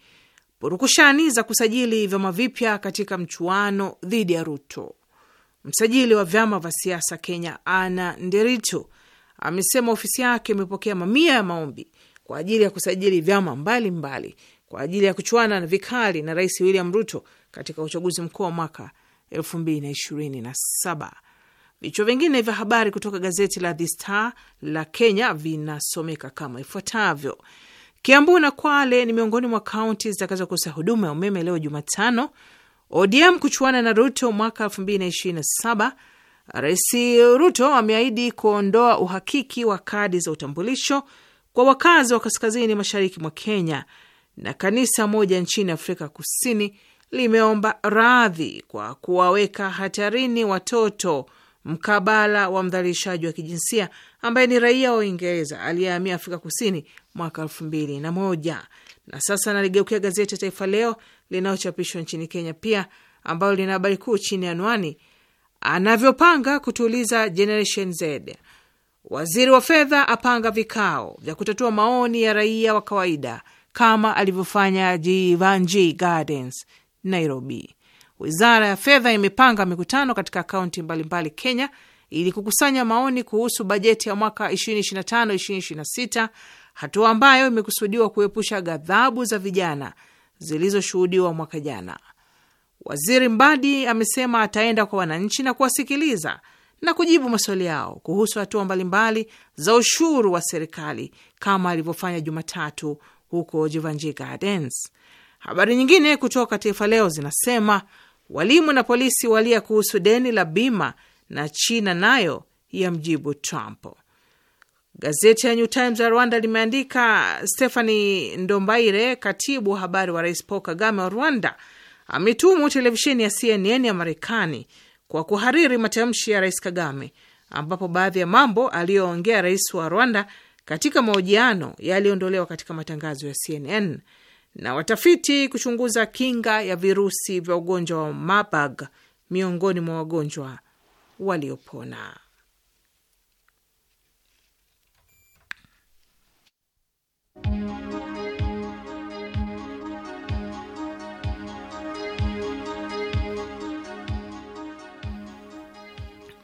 purukushani za kusajili vyama vipya katika mchuano dhidi ya Ruto. Msajili wa vyama vya siasa Kenya, Ana Nderitu, amesema ofisi yake imepokea mamia ya maombi kwa ajili ya kusajili vyama mbalimbali mbali, kwa ajili ya kuchuana na vikali na Rais William Ruto katika uchaguzi mkuu wa mwaka 2027. Vichwa vingine vya habari kutoka gazeti la The Star la Kenya vinasomeka kama ifuatavyo: Kiambu na Kwale ni miongoni mwa kaunti zitakazokosa huduma ya umeme leo Jumatano. ODM kuchuana na Ruto mwaka 2027. Rais Ruto ameahidi kuondoa uhakiki wa kadi za utambulisho kwa wakazi wa kaskazini mashariki mwa Kenya, na kanisa moja nchini Afrika Kusini limeomba radhi kwa kuwaweka hatarini watoto mkabala wa mdhalilishaji wa kijinsia ambaye ni raia wa Uingereza aliyehamia Afrika Kusini mwaka elfu mbili na moja. Na sasa naligeukia gazeti ya Taifa Leo linalochapishwa nchini Kenya pia ambalo lina habari kuu chini ya anwani anavyopanga kutuliza Generation Z. Waziri wa fedha apanga vikao vya kutatua maoni ya raia wa kawaida kama alivyofanya Jivanji Gardens, Nairobi. Wizara ya fedha imepanga mikutano katika kaunti mbalimbali Kenya ili kukusanya maoni kuhusu bajeti ya mwaka 2025 2026, hatua ambayo imekusudiwa kuepusha ghadhabu za vijana zilizoshuhudiwa mwaka jana. Waziri Mbadi amesema ataenda kwa wananchi na kuwasikiliza na kujibu maswali yao kuhusu hatua mbalimbali za ushuru wa serikali kama alivyofanya Jumatatu huko Jivanji Gardens. Habari nyingine kutoka Taifa Leo zinasema walimu na polisi walia kuhusu deni la bima na China nayo ya mjibu Trump. Gazeti ya New Times ya Rwanda limeandika Stephanie Ndombaire, katibu wa habari wa Rais Paul Kagame wa Rwanda ametumu televisheni ya CNN ya Marekani kwa kuhariri matamshi ya Rais Kagame, ambapo baadhi ya mambo aliyoongea rais wa Rwanda katika mahojiano yaliyoondolewa katika matangazo ya CNN na watafiti kuchunguza kinga ya virusi vya ugonjwa wa Marburg miongoni mwa wagonjwa waliopona.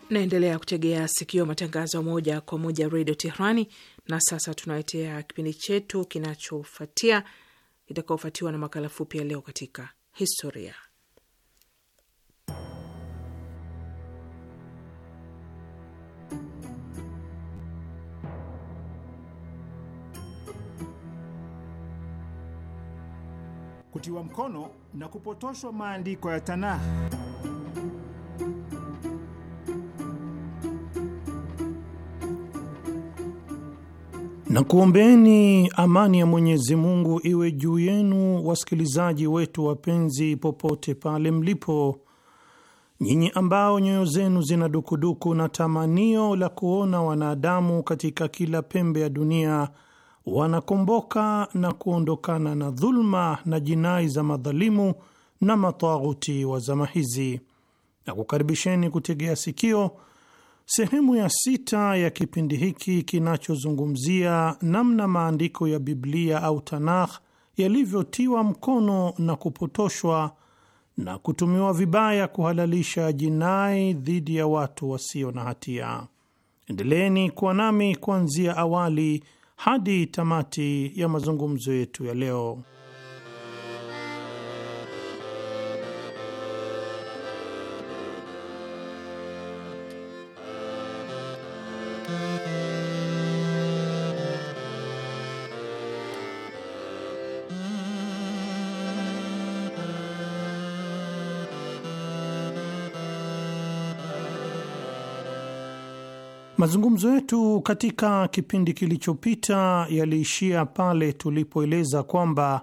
Naendelea kutegea sikio matangazo moja kwa moja redio Tehrani. Na sasa tunaletea kipindi chetu kinachofuatia itakaofuatiwa na makala fupi ya leo katika historia. Kutiwa mkono na kupotoshwa maandiko ya Tanakh. na kuombeni amani ya Mwenyezi Mungu iwe juu yenu, wasikilizaji wetu wapenzi, popote pale mlipo, nyinyi ambao nyoyo zenu zina dukuduku na tamanio la kuona wanadamu katika kila pembe ya dunia wanakomboka na kuondokana na dhuluma na jinai za madhalimu na matwaghuti wa zama hizi, na kukaribisheni kutegea sikio Sehemu ya sita ya kipindi hiki kinachozungumzia namna maandiko ya Biblia au Tanakh yalivyotiwa mkono na kupotoshwa na kutumiwa vibaya kuhalalisha jinai dhidi ya watu wasio na hatia. Endeleeni kuwa nami kuanzia awali hadi tamati ya mazungumzo yetu ya leo. Mazungumzo yetu katika kipindi kilichopita yaliishia pale tulipoeleza kwamba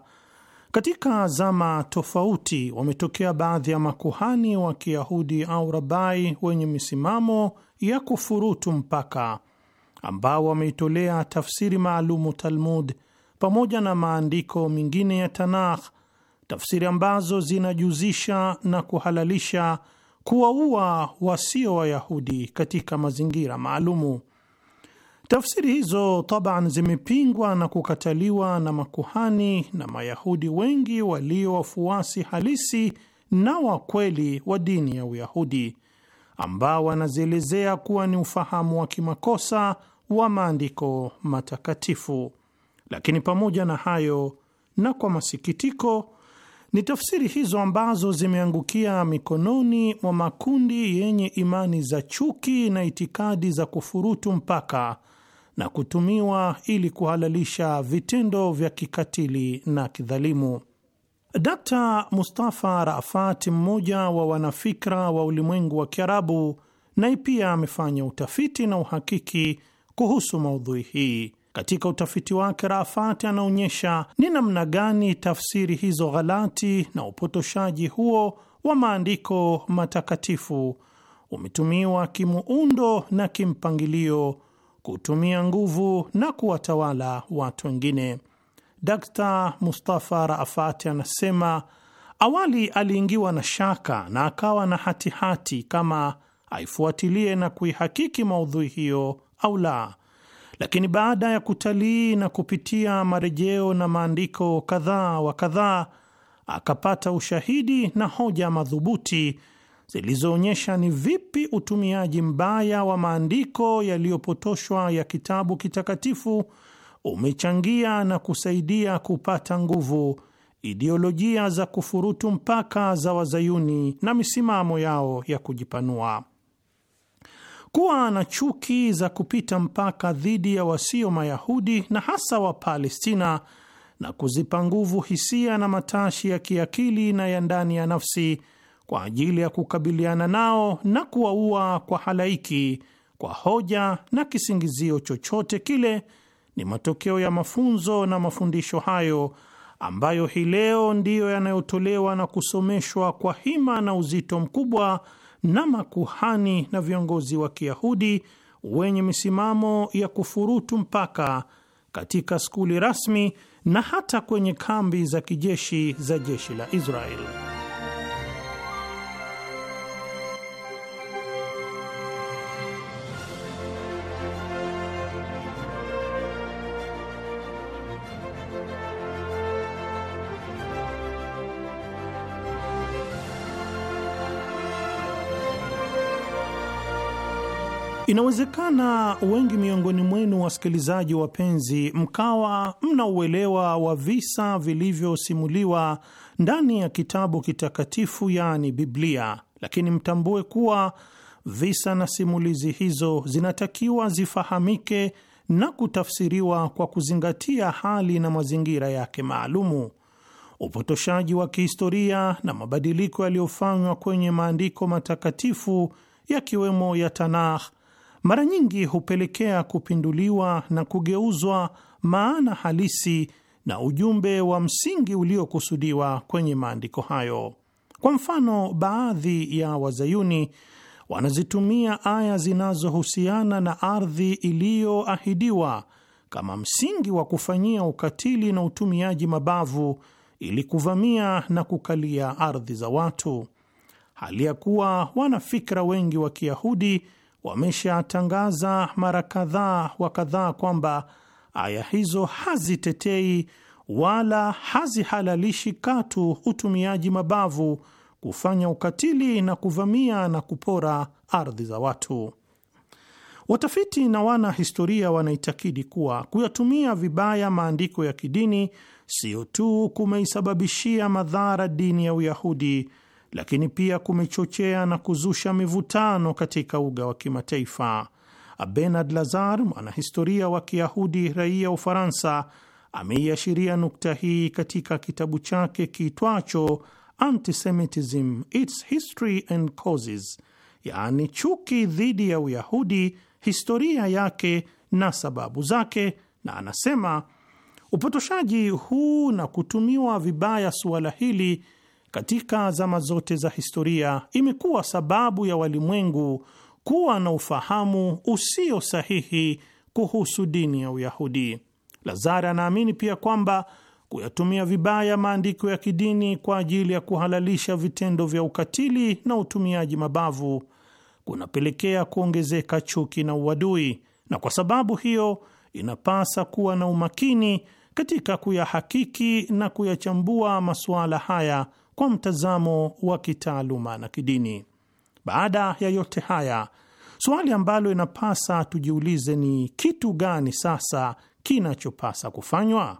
katika zama tofauti wametokea baadhi ya makuhani wa Kiyahudi au rabai wenye misimamo ya kufurutu mpaka ambao wameitolea tafsiri maalumu Talmud pamoja na maandiko mengine ya Tanakh, tafsiri ambazo zinajuzisha na kuhalalisha kuwaua wasio Wayahudi katika mazingira maalumu. Tafsiri hizo taban zimepingwa na kukataliwa na makuhani na Mayahudi wengi walio wafuasi halisi na wakweli wa dini ya Uyahudi ambao wanazielezea kuwa ni ufahamu wa kimakosa wa maandiko matakatifu. Lakini pamoja na hayo, na kwa masikitiko, ni tafsiri hizo ambazo zimeangukia mikononi mwa makundi yenye imani za chuki na itikadi za kufurutu mpaka na kutumiwa ili kuhalalisha vitendo vya kikatili na kidhalimu. d Mustafa Rafat, mmoja wa wanafikra wa ulimwengu wa Kiarabu, naye pia amefanya utafiti na uhakiki kuhusu maudhui hii katika utafiti wake Raafati anaonyesha ni namna gani tafsiri hizo ghalati na upotoshaji huo wa maandiko matakatifu umetumiwa kimuundo na kimpangilio kutumia nguvu na kuwatawala watu wengine. d Mustafa Raafati anasema awali aliingiwa na shaka na akawa na hatihati hati kama aifuatilie na kuihakiki maudhui hiyo au la lakini baada ya kutalii na kupitia marejeo na maandiko kadhaa wa kadhaa, akapata ushahidi na hoja madhubuti zilizoonyesha ni vipi utumiaji mbaya wa maandiko yaliyopotoshwa ya kitabu kitakatifu umechangia na kusaidia kupata nguvu ideolojia za kufurutu mpaka za Wazayuni na misimamo yao ya kujipanua kuwa na chuki za kupita mpaka dhidi ya wasio Mayahudi na hasa Wapalestina na kuzipa nguvu hisia na matashi ya kiakili na ya ndani ya nafsi kwa ajili ya kukabiliana nao na kuwaua kwa halaiki kwa hoja na kisingizio chochote kile, ni matokeo ya mafunzo na mafundisho hayo ambayo hii leo ndiyo yanayotolewa na kusomeshwa kwa hima na uzito mkubwa na makuhani na viongozi wa Kiyahudi wenye misimamo ya kufurutu mpaka katika skuli rasmi na hata kwenye kambi za kijeshi za jeshi la Israeli. Inawezekana wengi miongoni mwenu wasikilizaji wapenzi, mkawa mna uelewa wa visa vilivyosimuliwa ndani ya kitabu kitakatifu, yaani Biblia, lakini mtambue kuwa visa na simulizi hizo zinatakiwa zifahamike na kutafsiriwa kwa kuzingatia hali na mazingira yake maalumu. Upotoshaji wa kihistoria na mabadiliko yaliyofanywa kwenye maandiko matakatifu yakiwemo ya Tanakh mara nyingi hupelekea kupinduliwa na kugeuzwa maana halisi na ujumbe wa msingi uliokusudiwa kwenye maandiko hayo. Kwa mfano, baadhi ya wazayuni wanazitumia aya zinazohusiana na ardhi iliyoahidiwa kama msingi wa kufanyia ukatili na utumiaji mabavu ili kuvamia na kukalia ardhi za watu, hali ya kuwa wanafikra wengi wa Kiyahudi wameshatangaza mara kadhaa wa kadhaa kwamba aya hizo hazitetei wala hazihalalishi katu utumiaji mabavu, kufanya ukatili na kuvamia na kupora ardhi za watu. Watafiti na wana historia wanaitakidi kuwa kuyatumia vibaya maandiko ya kidini sio tu kumeisababishia madhara dini ya Uyahudi lakini pia kumechochea na kuzusha mivutano katika uga wa kimataifa. Bernard Lazar, mwanahistoria wa Kiyahudi raia Ufaransa, ameiashiria nukta hii katika kitabu chake kiitwacho Antisemitism, Its History and Causes, yaani chuki dhidi ya Uyahudi, historia yake na sababu zake, na anasema upotoshaji huu na kutumiwa vibaya suala hili katika zama zote za historia imekuwa sababu ya walimwengu kuwa na ufahamu usio sahihi kuhusu dini ya Uyahudi. Lazara anaamini pia kwamba kuyatumia vibaya maandiko ya kidini kwa ajili ya kuhalalisha vitendo vya ukatili na utumiaji mabavu kunapelekea kuongezeka chuki na uadui, na kwa sababu hiyo inapasa kuwa na umakini katika kuyahakiki na kuyachambua masuala haya kwa mtazamo wa kitaaluma na kidini. Baada ya yote haya, suali ambalo inapasa tujiulize ni kitu gani sasa kinachopasa kufanywa?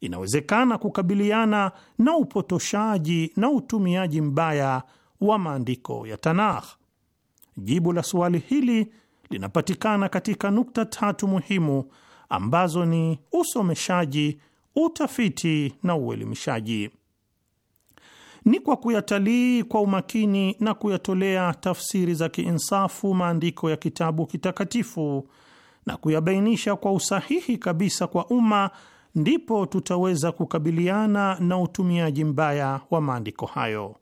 Inawezekana kukabiliana na upotoshaji na utumiaji mbaya wa maandiko ya Tanakh? Jibu la suali hili linapatikana katika nukta tatu muhimu ambazo ni usomeshaji, utafiti na uelimishaji ni kwa kuyatalii kwa umakini na kuyatolea tafsiri za kiinsafu maandiko ya kitabu kitakatifu na kuyabainisha kwa usahihi kabisa kwa umma, ndipo tutaweza kukabiliana na utumiaji mbaya wa maandiko hayo.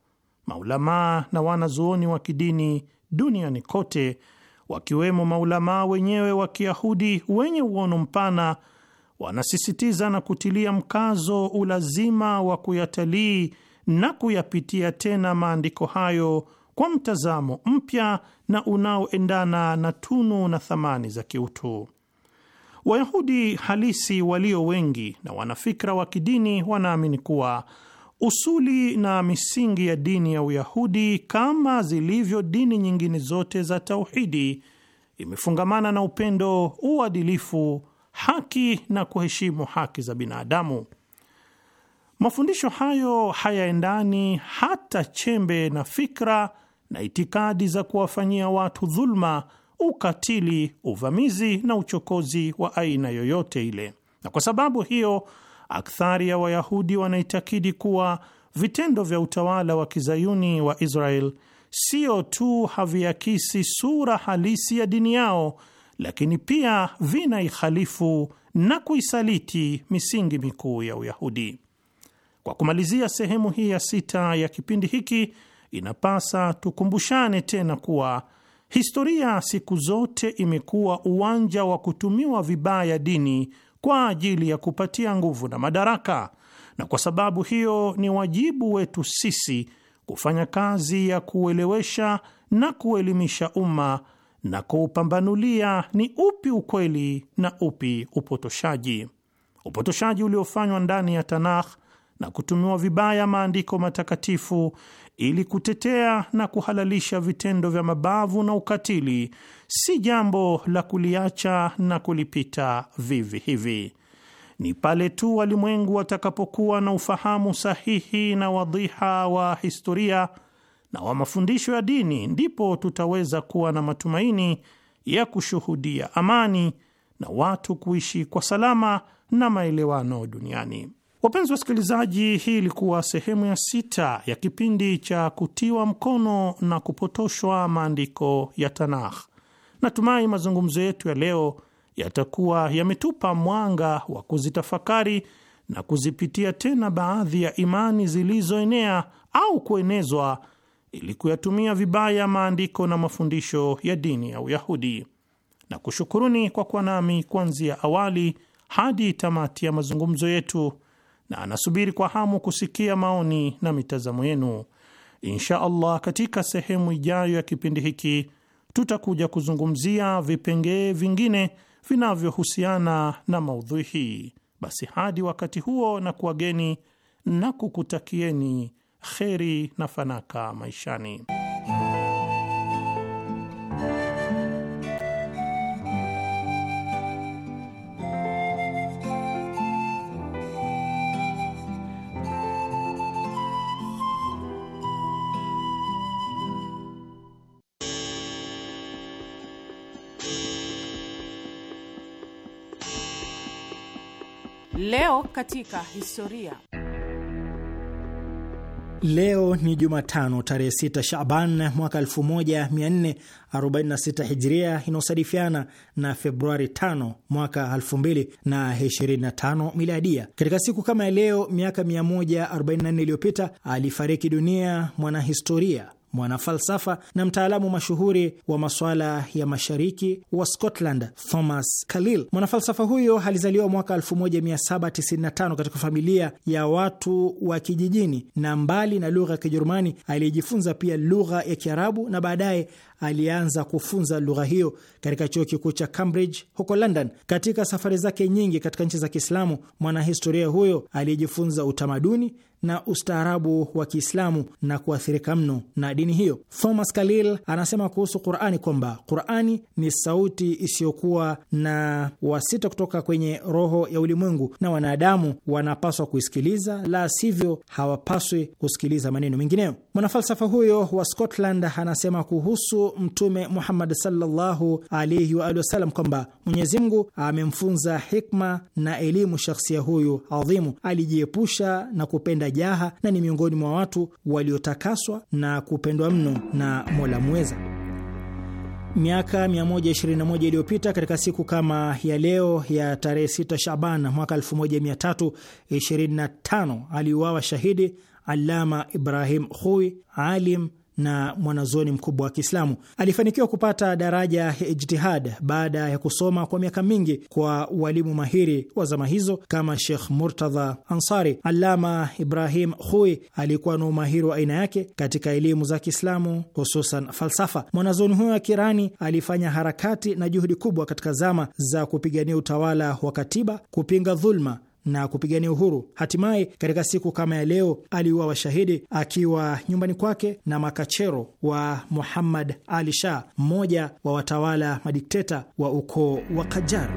Maulamaa na wanazuoni wa kidini duniani kote, wakiwemo maulamaa wenyewe wa Kiyahudi wenye uono mpana, wanasisitiza na kutilia mkazo ulazima wa kuyatalii na kuyapitia tena maandiko hayo kwa mtazamo mpya na unaoendana na tunu na thamani za kiutu. Wayahudi halisi walio wengi na wanafikra wa kidini wanaamini kuwa usuli na misingi ya dini ya Uyahudi kama zilivyo dini nyingine zote za tauhidi imefungamana na upendo, uadilifu, haki na kuheshimu haki za binadamu. Mafundisho hayo hayaendani hata chembe na fikra na itikadi za kuwafanyia watu dhuluma, ukatili, uvamizi na uchokozi wa aina yoyote ile, na kwa sababu hiyo akthari ya Wayahudi wanaitakidi kuwa vitendo vya utawala wa kizayuni wa Israel sio tu haviakisi sura halisi ya dini yao, lakini pia vinaikhalifu na kuisaliti misingi mikuu ya Uyahudi. Kwa kumalizia sehemu hii ya sita ya kipindi hiki, inapasa tukumbushane tena kuwa historia siku zote imekuwa uwanja wa kutumiwa vibaya dini kwa ajili ya kupatia nguvu na madaraka, na kwa sababu hiyo ni wajibu wetu sisi kufanya kazi ya kuelewesha na kuelimisha umma na kuupambanulia ni upi ukweli na upi upotoshaji. Upotoshaji uliofanywa ndani ya Tanakh na kutumiwa vibaya maandiko matakatifu ili kutetea na kuhalalisha vitendo vya mabavu na ukatili si jambo la kuliacha na kulipita vivi hivi. Ni pale tu walimwengu watakapokuwa na ufahamu sahihi na wadhiha wa historia na wa mafundisho ya dini, ndipo tutaweza kuwa na matumaini ya kushuhudia amani na watu kuishi kwa salama na maelewano duniani. Wapenzi wasikilizaji, hii ilikuwa sehemu ya sita ya kipindi cha kutiwa mkono na kupotoshwa maandiko ya Tanakh. Natumai mazungumzo yetu ya leo yatakuwa yametupa mwanga wa kuzitafakari na kuzipitia tena baadhi ya imani zilizoenea au kuenezwa ili kuyatumia vibaya maandiko na mafundisho ya dini ya Uyahudi. Na kushukuruni kwa kuwa nami kuanzia awali hadi tamati ya mazungumzo yetu na anasubiri kwa hamu kusikia maoni na mitazamo yenu. Insha Allah, katika sehemu ijayo ya kipindi hiki tutakuja kuzungumzia vipengee vingine vinavyohusiana na maudhui hii. Basi hadi wakati huo, na kuwageni na kukutakieni kheri na fanaka maishani. Leo katika historia. Leo ni Jumatano tarehe 6 Shaban mwaka 1446 Hijria, inayosadifiana na Februari 5 mwaka 2025 Miladia. Katika siku kama ya leo miaka 144 iliyopita alifariki dunia mwanahistoria mwanafalsafa na mtaalamu mashuhuri wa masuala ya mashariki wa Scotland, Thomas Kalil. Mwanafalsafa huyo alizaliwa mwaka 1795 katika familia ya watu wa kijijini, na mbali na lugha ya Kijerumani aliyejifunza pia lugha ya Kiarabu na baadaye alianza kufunza lugha hiyo katika chuo kikuu cha Cambridge huko London. Katika safari zake nyingi katika nchi za Kiislamu, mwanahistoria huyo aliyejifunza utamaduni na ustaarabu wa Kiislamu na kuathirika mno na dini hiyo. Thomas Kalil anasema kuhusu Qurani kwamba Qurani ni sauti isiyokuwa na wasita kutoka kwenye roho ya ulimwengu, na wanadamu wanapaswa kuisikiliza, la sivyo hawapaswi kusikiliza maneno mengineyo. Mwanafalsafa huyo wa Scotland anasema kuhusu Mtume Muhammad sallallahu alaihi wa alihi wasallam kwamba Mwenyezi Mungu amemfunza hikma na elimu shakhsia huyu adhimu. Alijiepusha na kupenda jaha na ni miongoni mwa watu waliotakaswa na kupendwa mno na Mola mweza Miaka 121 iliyopita katika siku kama ya leo ya tarehe 6 Shaban mwaka 1325 aliuawa shahidi Allama Ibrahim Hui, alim na mwanazoni mkubwa wa Kiislamu. Alifanikiwa kupata daraja ya ijtihad baada ya kusoma kwa miaka mingi kwa walimu mahiri wa zama hizo kama Shekh Murtadha Ansari. Alama Ibrahim Hui alikuwa na umahiri wa aina yake katika elimu za Kiislamu, hususan falsafa. mwanazoni huyo wa Kirani alifanya harakati na juhudi kubwa katika zama za kupigania utawala wa katiba, kupinga dhulma na kupigania uhuru. Hatimaye katika siku kama ya leo aliuawa shahidi akiwa nyumbani kwake na makachero wa Muhammad Ali Shah, mmoja wa watawala madikteta wa ukoo wa Kajar.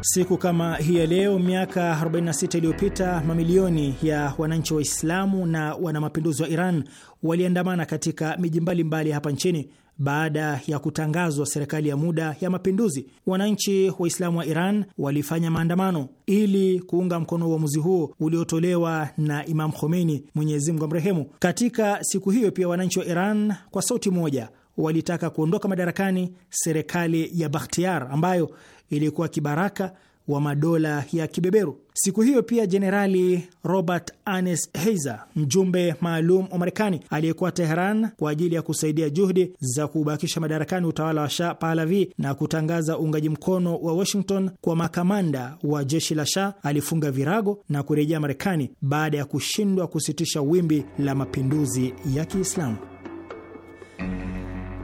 Siku kama hii ya leo miaka 46 iliyopita mamilioni ya wananchi Waislamu na wanamapinduzi wa Iran waliandamana katika miji mbalimbali hapa nchini baada ya kutangazwa serikali ya muda ya mapinduzi, wananchi Waislamu wa Iran walifanya maandamano ili kuunga mkono uamuzi huo uliotolewa na Imam Khomeini, Mwenyezi Mungu amrehemu. Katika siku hiyo pia wananchi wa Iran kwa sauti moja walitaka kuondoka madarakani serikali ya Bakhtiar ambayo ilikuwa kibaraka wa madola ya kibeberu. Siku hiyo pia Jenerali Robert Ernest Heiser, mjumbe maalum wa Marekani aliyekuwa Teheran kwa ajili ya kusaidia juhudi za kubakisha madarakani utawala wa Shah Pahlavi na kutangaza uungaji mkono wa Washington kwa makamanda wa jeshi la Shah, alifunga virago na kurejea Marekani baada ya kushindwa kusitisha wimbi la mapinduzi ya Kiislamu.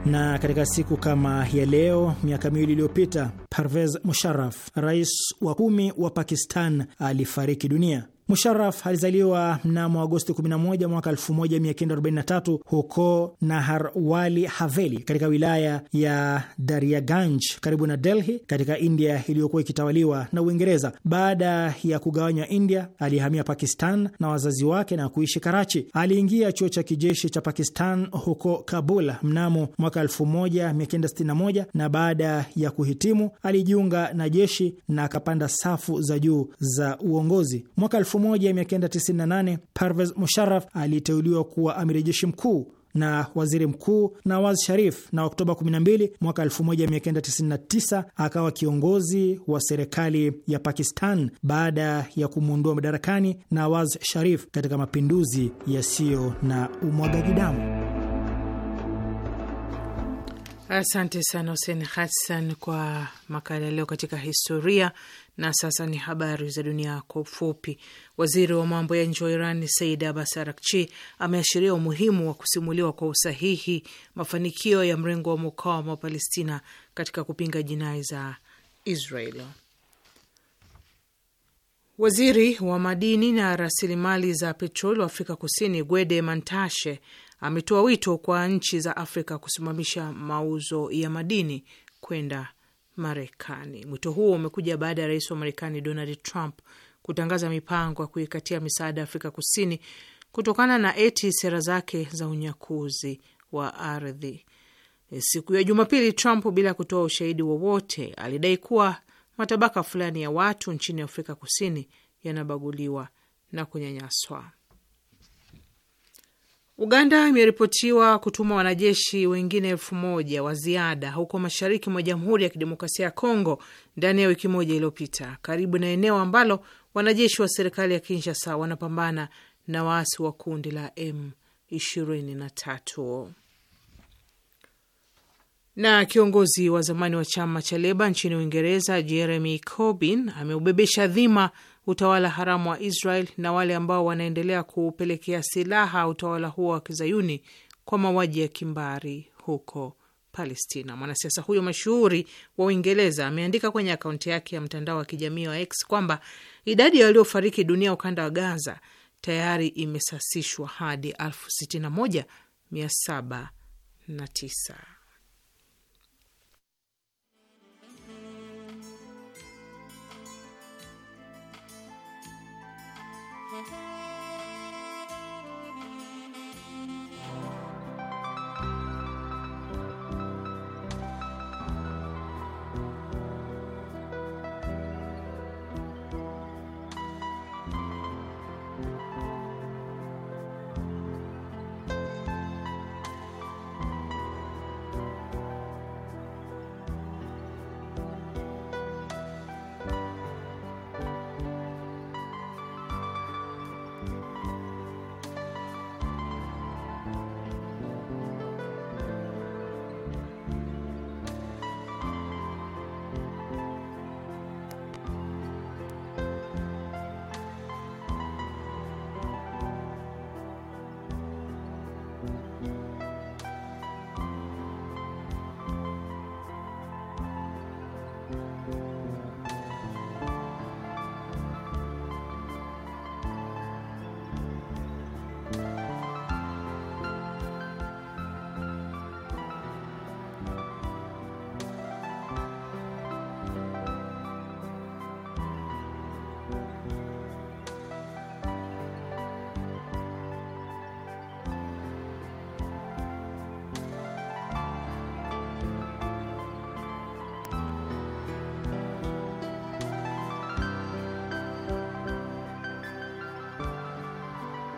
Na katika siku kama ya leo miaka miwili iliyopita, Parvez Musharraf, rais wa kumi wa Pakistan, alifariki dunia. Musharaf alizaliwa mnamo Agosti 11 mwaka 1943 huko Naharwali Haveli katika wilaya ya Dariaganj karibu na Delhi katika India iliyokuwa ikitawaliwa na Uingereza. Baada ya kugawanywa India, alihamia Pakistan na wazazi wake na kuishi Karachi. Aliingia chuo cha kijeshi cha Pakistan huko Kabul mnamo mwaka 1961 na baada ya kuhitimu alijiunga na jeshi na akapanda safu za juu za uongozi mwaka 1998 Parvez Musharraf aliteuliwa kuwa amiri jeshi mkuu na waziri mkuu Nawaz Sharif, na Oktoba 12 mwaka 1999 akawa kiongozi wa serikali ya Pakistan baada ya kumwondoa madarakani Nawaz Sharif katika mapinduzi yasiyo na umwagaji damu. Asante sana Hussein Hassan kwa makala leo katika historia. Na sasa ni habari za dunia kwa ufupi. Waziri wa mambo ya nje wa Iran Said Abbas Arakchi ameashiria umuhimu wa kusimuliwa kwa usahihi mafanikio ya mrengo wa mukawama wa Palestina katika kupinga jinai za Israel. Waziri wa madini na rasilimali za petroli wa Afrika Kusini Gwede Mantashe ametoa wito kwa nchi za Afrika kusimamisha mauzo ya madini kwenda Marekani. Mwito huo umekuja baada ya rais wa Marekani Donald Trump kutangaza mipango ya kuikatia misaada Afrika Kusini kutokana na eti sera zake za unyakuzi wa ardhi. Siku ya Jumapili, Trump bila kutoa ushahidi wowote alidai kuwa matabaka fulani ya watu nchini Afrika Kusini yanabaguliwa na kunyanyaswa. Uganda imeripotiwa kutuma wanajeshi wengine elfu moja wa ziada huko mashariki mwa Jamhuri ya Kidemokrasia ya Kongo ndani ya wiki moja iliyopita, karibu na eneo ambalo wanajeshi wa serikali ya Kinshasa wanapambana na waasi wa kundi la M23. Na kiongozi wa zamani wa chama cha Leba nchini Uingereza Jeremy Corbyn ameubebesha dhima utawala haramu wa Israel na wale ambao wanaendelea kuupelekea silaha utawala huo wa kizayuni kwa mauaji ya kimbari huko Palestina. Mwanasiasa huyo mashuhuri wa Uingereza ameandika kwenye akaunti yake ya mtandao wa kijamii wa X kwamba idadi ya waliofariki dunia ukanda wa Gaza tayari imesasishwa hadi elfu sitini na moja mia saba na tisa.